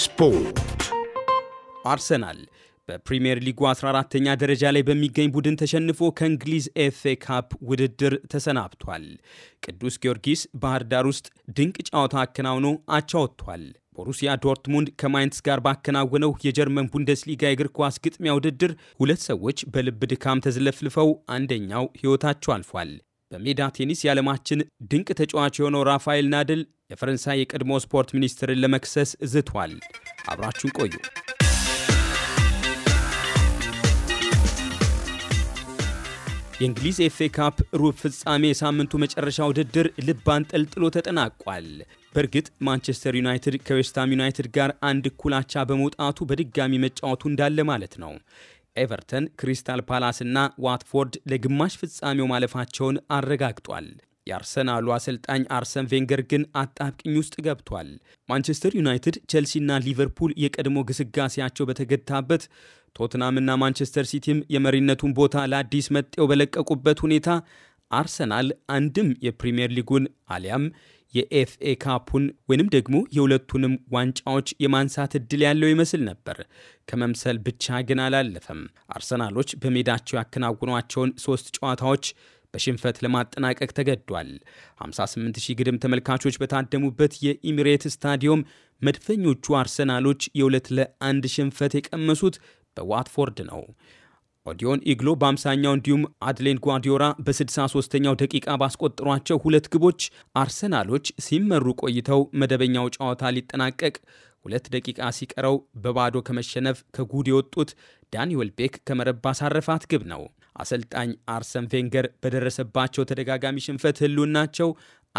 ስፖርት አርሰናል በፕሪምየር ሊጉ 14ተኛ ደረጃ ላይ በሚገኝ ቡድን ተሸንፎ ከእንግሊዝ ኤፍኤ ካፕ ውድድር ተሰናብቷል። ቅዱስ ጊዮርጊስ ባህር ዳር ውስጥ ድንቅ ጨዋታ አከናውኖ አቻ ወጥቷል። ቦሩሲያ ዶርትሙንድ ከማይንስ ጋር ባከናወነው የጀርመን ቡንደስሊጋ የእግር ኳስ ግጥሚያ ውድድር ሁለት ሰዎች በልብ ድካም ተዝለፍልፈው አንደኛው ሕይወታቸው አልፏል። በሜዳ ቴኒስ የዓለማችን ድንቅ ተጫዋች የሆነው ራፋኤል ናድል የፈረንሳይ የቀድሞ ስፖርት ሚኒስትርን ለመክሰስ ዝቷል። አብራችሁን ቆዩ። የእንግሊዝ ኤፍ ኤ ካፕ ሩብ ፍጻሜ የሳምንቱ መጨረሻ ውድድር ልብ አንጠልጥሎ ተጠናቋል። በእርግጥ ማንቸስተር ዩናይትድ ከዌስትሃም ዩናይትድ ጋር አንድ እኩል አቻ በመውጣቱ በድጋሚ መጫወቱ እንዳለ ማለት ነው። ኤቨርተን፣ ክሪስታል ፓላስ እና ዋትፎርድ ለግማሽ ፍጻሜው ማለፋቸውን አረጋግጧል። የአርሰናሉ አሰልጣኝ አርሰን ቬንገር ግን አጣብቅኝ ውስጥ ገብቷል። ማንቸስተር ዩናይትድ፣ ቼልሲና ሊቨርፑል የቀድሞ ግስጋሴያቸው በተገታበት ቶትናምና ማንቸስተር ሲቲም የመሪነቱን ቦታ ለአዲስ መጤው በለቀቁበት ሁኔታ አርሰናል አንድም የፕሪምየር ሊጉን አሊያም የኤፍኤ ካፑን ወይንም ደግሞ የሁለቱንም ዋንጫዎች የማንሳት እድል ያለው ይመስል ነበር። ከመምሰል ብቻ ግን አላለፈም። አርሰናሎች በሜዳቸው ያከናውኗቸውን ሶስት ጨዋታዎች በሽንፈት ለማጠናቀቅ ተገዷል። 58 ግድም ተመልካቾች በታደሙበት የኢሚሬት ስታዲየም መድፈኞቹ አርሰናሎች የሁለት ለአንድ ሽንፈት የቀመሱት በዋትፎርድ ነው። ኦዲዮን ኢግሎ በአምሳኛው እንዲሁም አድሌን ጓዲዮራ በ63ኛው ደቂቃ ባስቆጠሯቸው ሁለት ግቦች አርሰናሎች ሲመሩ ቆይተው መደበኛው ጨዋታ ሊጠናቀቅ ሁለት ደቂቃ ሲቀረው በባዶ ከመሸነፍ ከጉድ የወጡት ዳንኤል ቤክ ከመረብ ባሳረፋት ግብ ነው። አሰልጣኝ አርሰን ቬንገር በደረሰባቸው ተደጋጋሚ ሽንፈት ህልውናቸው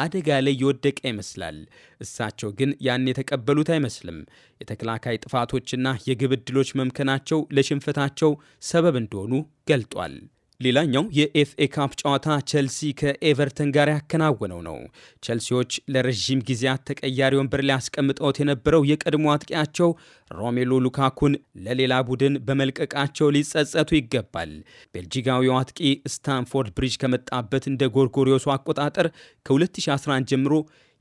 አደጋ ላይ የወደቀ ይመስላል። እሳቸው ግን ያን የተቀበሉት አይመስልም። የተከላካይ ጥፋቶችና የግብ ዕድሎች መምከናቸው ለሽንፈታቸው ሰበብ እንደሆኑ ገልጧል። ሌላኛው የኤፍኤ ካፕ ጨዋታ ቸልሲ ከኤቨርተን ጋር ያከናወነው ነው። ቸልሲዎች ለረዥም ጊዜያት ተቀያሪ ወንበር ላይ አስቀምጠውት የነበረው የቀድሞ አጥቂያቸው ሮሜሎ ሉካኩን ለሌላ ቡድን በመልቀቃቸው ሊጸጸቱ ይገባል። ቤልጂጋዊው አጥቂ ስታንፎርድ ብሪጅ ከመጣበት እንደ ጎርጎሪዮሱ አቆጣጠር ከ2011 ጀምሮ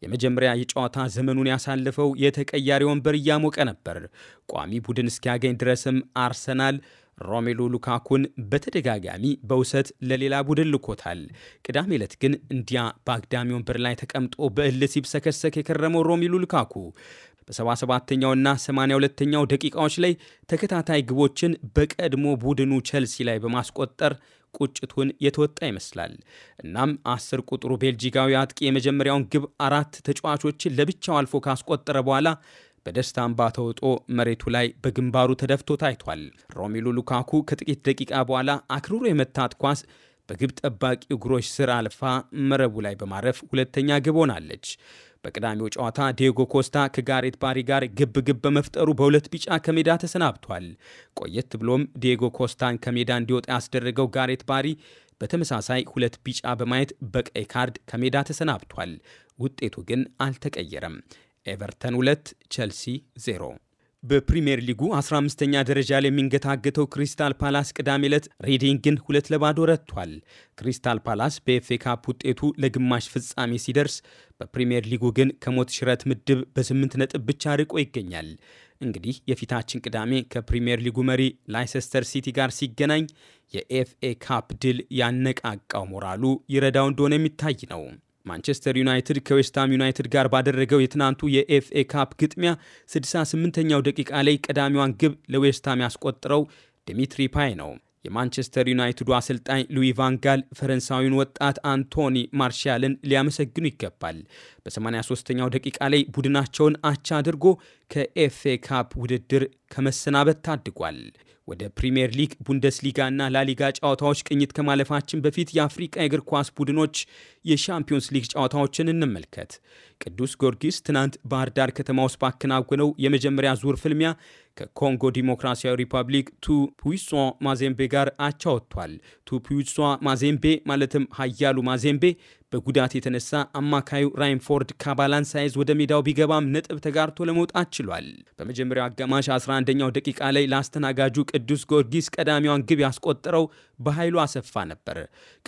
የመጀመሪያ የጨዋታ ዘመኑን ያሳለፈው የተቀያሪ ወንበር እያሞቀ ነበር። ቋሚ ቡድን እስኪያገኝ ድረስም አርሰናል ሮሜሉ ሉካኩን በተደጋጋሚ በውሰት ለሌላ ቡድን ልኮታል። ቅዳሜ ዕለት ግን እንዲያ በአግዳሚ ወንበር ላይ ተቀምጦ በእል ሲብሰከሰክ የከረመው ሮሜሉ ሉካኩ በ77ኛውና 82ኛው ደቂቃዎች ላይ ተከታታይ ግቦችን በቀድሞ ቡድኑ ቸልሲ ላይ በማስቆጠር ቁጭቱን የተወጣ ይመስላል። እናም አስር ቁጥሩ ቤልጂካዊ አጥቂ የመጀመሪያውን ግብ አራት ተጫዋቾችን ለብቻው አልፎ ካስቆጠረ በኋላ በደስታ እንባ ተውጦ መሬቱ ላይ በግንባሩ ተደፍቶ ታይቷል። ሮሚሉ ሉካኩ ከጥቂት ደቂቃ በኋላ አክርሮ የመታት ኳስ በግብ ጠባቂ እግሮች ስር አልፋ መረቡ ላይ በማረፍ ሁለተኛ ግብ ሆናለች። በቅዳሜው ጨዋታ ዲዮጎ ኮስታ ከጋሬት ባሪ ጋር ግብ ግብ በመፍጠሩ በሁለት ቢጫ ከሜዳ ተሰናብቷል። ቆየት ብሎም ዲዮጎ ኮስታን ከሜዳ እንዲወጣ ያስደረገው ጋሬት ባሪ በተመሳሳይ ሁለት ቢጫ በማየት በቀይ ካርድ ከሜዳ ተሰናብቷል። ውጤቱ ግን አልተቀየረም። ኤቨርተን 2 ቼልሲ 0 በፕሪምየር ሊጉ 15ኛ ደረጃ ላይ የሚንገታገተው ክሪስታል ፓላስ ቅዳሜ ዕለት ሬዲንግን ሁለት ለባዶ ረቷል። ክሪስታል ፓላስ በኤፌ ካፕ ውጤቱ ለግማሽ ፍጻሜ ሲደርስ በፕሪምየር ሊጉ ግን ከሞት ሽረት ምድብ በስምንት ነጥብ ብቻ ርቆ ይገኛል። እንግዲህ የፊታችን ቅዳሜ ከፕሪምየር ሊጉ መሪ ላይሰስተር ሲቲ ጋር ሲገናኝ የኤፍኤ ካፕ ድል ያነቃቃው ሞራሉ ይረዳው እንደሆነ የሚታይ ነው። ማንቸስተር ዩናይትድ ከዌስትሃም ዩናይትድ ጋር ባደረገው የትናንቱ የኤፍኤ ካፕ ግጥሚያ 68ኛው ደቂቃ ላይ ቀዳሚዋን ግብ ለዌስትሃም ያስቆጠረው ዲሚትሪ ፓይ ነው። የማንቸስተር ዩናይትዱ አሰልጣኝ ሉዊ ቫንጋል ፈረንሳዊውን ወጣት አንቶኒ ማርሻልን ሊያመሰግኑ ይገባል። በ83ኛው ደቂቃ ላይ ቡድናቸውን አቻ አድርጎ ከኤፍኤ ካፕ ውድድር ከመሰናበት ታድጓል። ወደ ፕሪምየር ሊግ፣ እና ላሊጋ ጨዋታዎች ቅኝት ከማለፋችን በፊት የአፍሪቃ የእግር ኳስ ቡድኖች የሻምፒዮንስ ሊግ ጨዋታዎችን እንመልከት። ቅዱስ ጊዮርጊስ ትናንት ባህር ዳር ከተማ ውስጥ ባከናወነው የመጀመሪያ ዙር ፍልሚያ ከኮንጎ ዲሞክራሲያዊ ሪፐብሊክ ፑዊሶ ማዜምቤ ጋር አቻ ወጥቷል። ፑዊሶ ማዜምቤ ማለትም ሀያሉ ማዜምቤ በጉዳት የተነሳ አማካዩ ራይንፎርድ ካባላን ሳይዝ ወደ ሜዳው ቢገባም ነጥብ ተጋርቶ ለመውጣት ችሏል። በመጀመሪያው አጋማሽ 11ኛው ደቂቃ ላይ ለአስተናጋጁ ቅዱስ ጊዮርጊስ ቀዳሚዋን ግብ ያስቆጠረው በኃይሉ አሰፋ ነበር።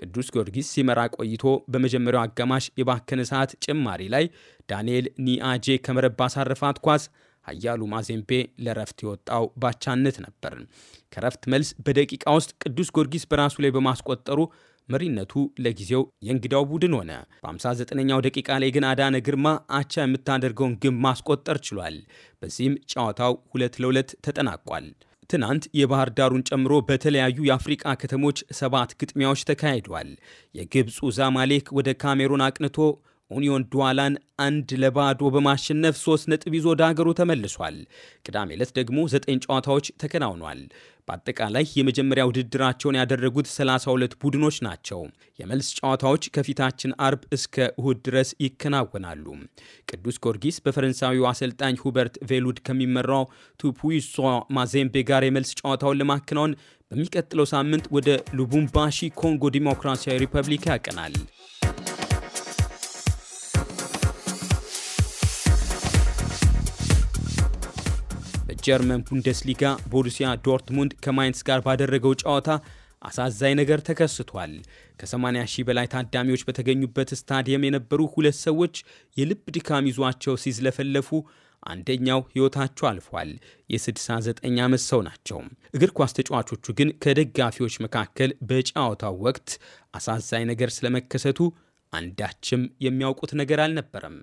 ቅዱስ ጊዮርጊስ ሲመራ ቆይቶ በመጀመሪያው አጋማሽ የባከነ ሰዓት ጭማሪ ላይ ዳንኤል ኒአጄ ከመረብ ባሳረፋት ኳስ አያሉ ማዜምቤ ለረፍት የወጣው ባቻነት ነበር። ከረፍት መልስ በደቂቃ ውስጥ ቅዱስ ጊዮርጊስ በራሱ ላይ በማስቆጠሩ መሪነቱ ለጊዜው የእንግዳው ቡድን ሆነ። በ59ኛው ደቂቃ ላይ ግን አዳነ ግርማ አቻ የምታደርገውን ግብ ማስቆጠር ችሏል። በዚህም ጨዋታው ሁለት ለሁለት ተጠናቋል። ትናንት የባህር ዳሩን ጨምሮ በተለያዩ የአፍሪቃ ከተሞች ሰባት ግጥሚያዎች ተካሂዷል። የግብፁ ዛማሌክ ወደ ካሜሩን አቅንቶ ኡኒዮን ዱዋላን አንድ ለባዶ በማሸነፍ ሶስት ነጥብ ይዞ ወደ አገሩ ተመልሷል። ቅዳሜ ዕለት ደግሞ ዘጠኝ ጨዋታዎች ተከናውኗል። በአጠቃላይ የመጀመሪያ ውድድራቸውን ያደረጉት 32 ቡድኖች ናቸው። የመልስ ጨዋታዎች ከፊታችን አርብ እስከ እሁድ ድረስ ይከናወናሉ። ቅዱስ ጊዮርጊስ በፈረንሳዊው አሰልጣኝ ሁበርት ቬሉድ ከሚመራው ቱፑይሶ ማዜምቤ ጋር የመልስ ጨዋታውን ለማከናወን በሚቀጥለው ሳምንት ወደ ሉቡምባሺ ኮንጎ ዲሞክራሲያዊ ሪፐብሊክ ያቀናል። ቡንደስ ቡንደስሊጋ ቦሩሲያ ዶርትሙንድ ከማይንስ ጋር ባደረገው ጨዋታ አሳዛኝ ነገር ተከስቷል። ከ80 ሺህ በላይ ታዳሚዎች በተገኙበት ስታዲየም የነበሩ ሁለት ሰዎች የልብ ድካም ይዟቸው ሲዝለፈለፉ አንደኛው ሕይወታቸው አልፏል። የ69 ዓመት ሰው ናቸው። እግር ኳስ ተጫዋቾቹ ግን ከደጋፊዎች መካከል በጨዋታው ወቅት አሳዛኝ ነገር ስለመከሰቱ አንዳችም የሚያውቁት ነገር አልነበረም።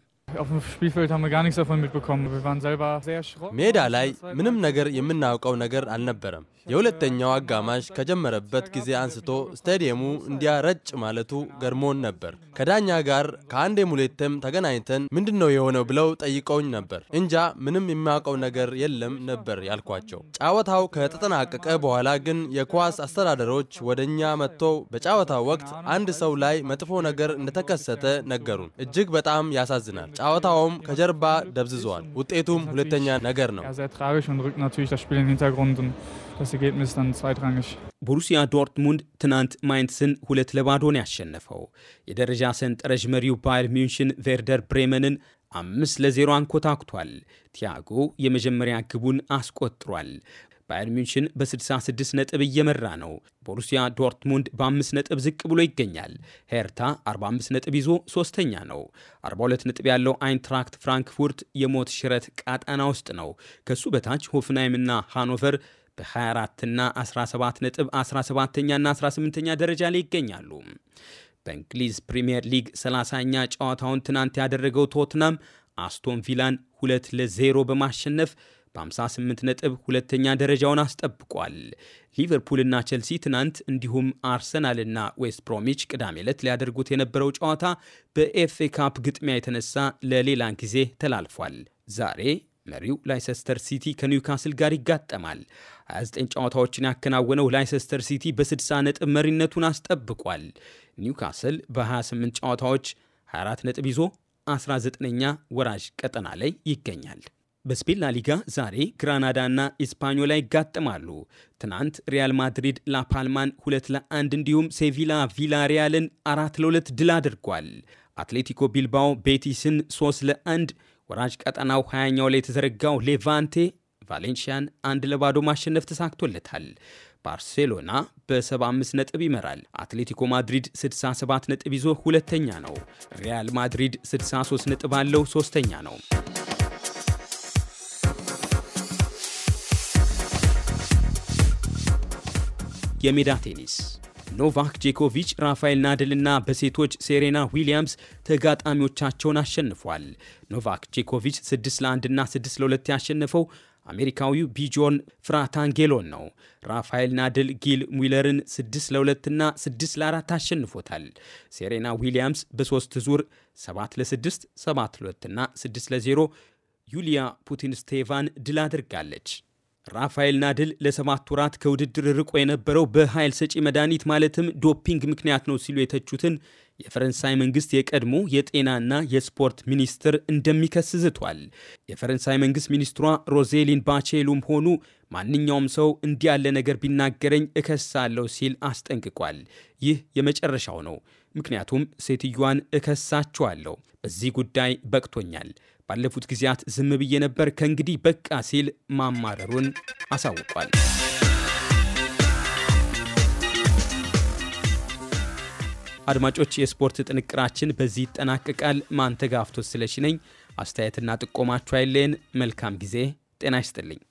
ሜዳ ላይ ምንም ነገር የምናውቀው ነገር አልነበረም። የሁለተኛው አጋማሽ ከጀመረበት ጊዜ አንስቶ ስታዲየሙ እንዲያረጭ ማለቱ ገርሞን ነበር። ከዳኛ ጋር ከአንዴም ሁለቴም ተገናኝተን ምንድን ነው የሆነው ብለው ጠይቀውኝ ነበር። እንጃ ምንም የሚያውቀው ነገር የለም ነበር ያልኳቸው። ጫወታው ከተጠናቀቀ በኋላ ግን የኳስ አስተዳደሮች ወደ እኛ መጥተው በጫወታው ወቅት አንድ ሰው ላይ መጥፎ ነገር እንደተከሰተ ነገሩን። እጅግ በጣም ያሳዝናል። ጫወታውም ከጀርባ ደብዝዟል። ውጤቱም ሁለተኛ ነገር ነው። das Ergebnis dann zweitrangig. ቦሩሲያ ዶርትሙንድ ትናንት ማይንትስን ሁለት ለባዶን ያሸነፈው። የደረጃ ሰንጠረዥ መሪው ባየር ሚንሽን ቬርደር ብሬመንን አምስት ለዜሮ አንኮታኩቷል። ቲያጎ የመጀመሪያ ግቡን አስቆጥሯል። ባየር ሚንሽን በ66 ነጥብ እየመራ ነው። ቦሩሲያ ዶርትሙንድ በ5 ነጥብ ዝቅ ብሎ ይገኛል። ሄርታ 45 ነጥብ ይዞ ሶስተኛ ነው። 42 ነጥብ ያለው አይንትራክት ፍራንክፉርት የሞት ሽረት ቃጠና ውስጥ ነው። ከሱ በታች ሆፍንሃይምና ሃኖቨር በ24 እና 17 ነጥብ 17ኛና 18ኛ ደረጃ ላይ ይገኛሉ። በእንግሊዝ ፕሪምየር ሊግ 30ኛ ጨዋታውን ትናንት ያደረገው ቶትናም አስቶን ቪላን 2 ለ0 በማሸነፍ በ58 ነጥብ ሁለተኛ ደረጃውን አስጠብቋል። ሊቨርፑልና ቸልሲ ትናንት እንዲሁም አርሰናልና ዌስት ብሮሚች ቅዳሜ ዕለት ሊያደርጉት የነበረው ጨዋታ በኤፍኤ ካፕ ግጥሚያ የተነሳ ለሌላ ጊዜ ተላልፏል። ዛሬ መሪው ላይሰስተር ሲቲ ከኒውካስል ጋር ይጋጠማል። 29 ጨዋታዎችን ያከናወነው ላይሰስተር ሲቲ በ60 ነጥብ መሪነቱን አስጠብቋል። ኒውካስል በ28 ጨዋታዎች 24 ነጥብ ይዞ 19ኛ ወራጅ ቀጠና ላይ ይገኛል። በስፔን ላሊጋ ዛሬ ግራናዳ ና ኢስፓኞላ ይጋጠማሉ። ትናንት ሪያል ማድሪድ ላፓልማን ሁለት ለአንድ እንዲሁም ሴቪላ ቪላሪያልን አራት ለሁለት ድል አድርጓል። አትሌቲኮ ቢልባኦ ቤቲስን ሶስት ለአንድ ወራጅ ቀጠናው 20ኛው ላይ የተዘረጋው ሌቫንቴ ቫሌንሺያን አንድ ለባዶ ማሸነፍ ተሳክቶለታል። ባርሴሎና በ75 ነጥብ ይመራል። አትሌቲኮ ማድሪድ 67 ነጥብ ይዞ ሁለተኛ ነው። ሪያል ማድሪድ 63 ነጥብ አለው፣ ሶስተኛ ነው። የሜዳ ቴኒስ ኖቫክ ጄኮቪች፣ ራፋኤል ናደልና በሴቶች ሴሬና ዊሊያምስ ተጋጣሚዎቻቸውን አሸንፏል። ኖቫክ ጄኮቪች 6 ለ1 እና 6 ለ2 ያሸነፈው አሜሪካዊው ቢጆን ፍራታንጌሎን ነው። ራፋኤል ናድል ጊል ሙለርን 6 ለ2 እና 6 ለ4 አሸንፎታል። ሴሬና ዊሊያምስ በሶስት ዙር 7 ለ6፣ 7 ለ2 እና 6 ለ0 ዩሊያ ፑቲን ስቴቫን ድል አድርጋለች። ራፋኤል ናድል ለሰባት ወራት ከውድድር ርቆ የነበረው በኃይል ሰጪ መድኃኒት ማለትም ዶፒንግ ምክንያት ነው ሲሉ የተቹትን የፈረንሳይ መንግስት የቀድሞ የጤናና የስፖርት ሚኒስትር እንደሚከስ ዝቷል። የፈረንሳይ መንግስት ሚኒስትሯ ሮዜሊን ባቼሉም ሆኑ ማንኛውም ሰው እንዲህ ያለ ነገር ቢናገረኝ እከሳለሁ ሲል አስጠንቅቋል። ይህ የመጨረሻው ነው፣ ምክንያቱም ሴትዮዋን እከሳችኋለሁ። በዚህ ጉዳይ በቅቶኛል። ባለፉት ጊዜያት ዝም ብዬ ነበር፣ ከእንግዲህ በቃ ሲል ማማረሩን አሳውቋል። አድማጮች፣ የስፖርት ጥንቅራችን በዚህ ይጠናቀቃል። ማንተጋፍቶ ስለሺ ነኝ። አስተያየትና ጥቆማችሁ አይለየን። መልካም ጊዜ። ጤና ይስጥልኝ።